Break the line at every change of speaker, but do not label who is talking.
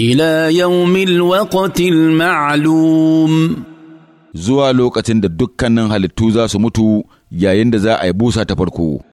إلى يوم الوقت المعلوم zuwa lokacin da dukkanin halittu za su mutu yayin da za a yi busa ta farko.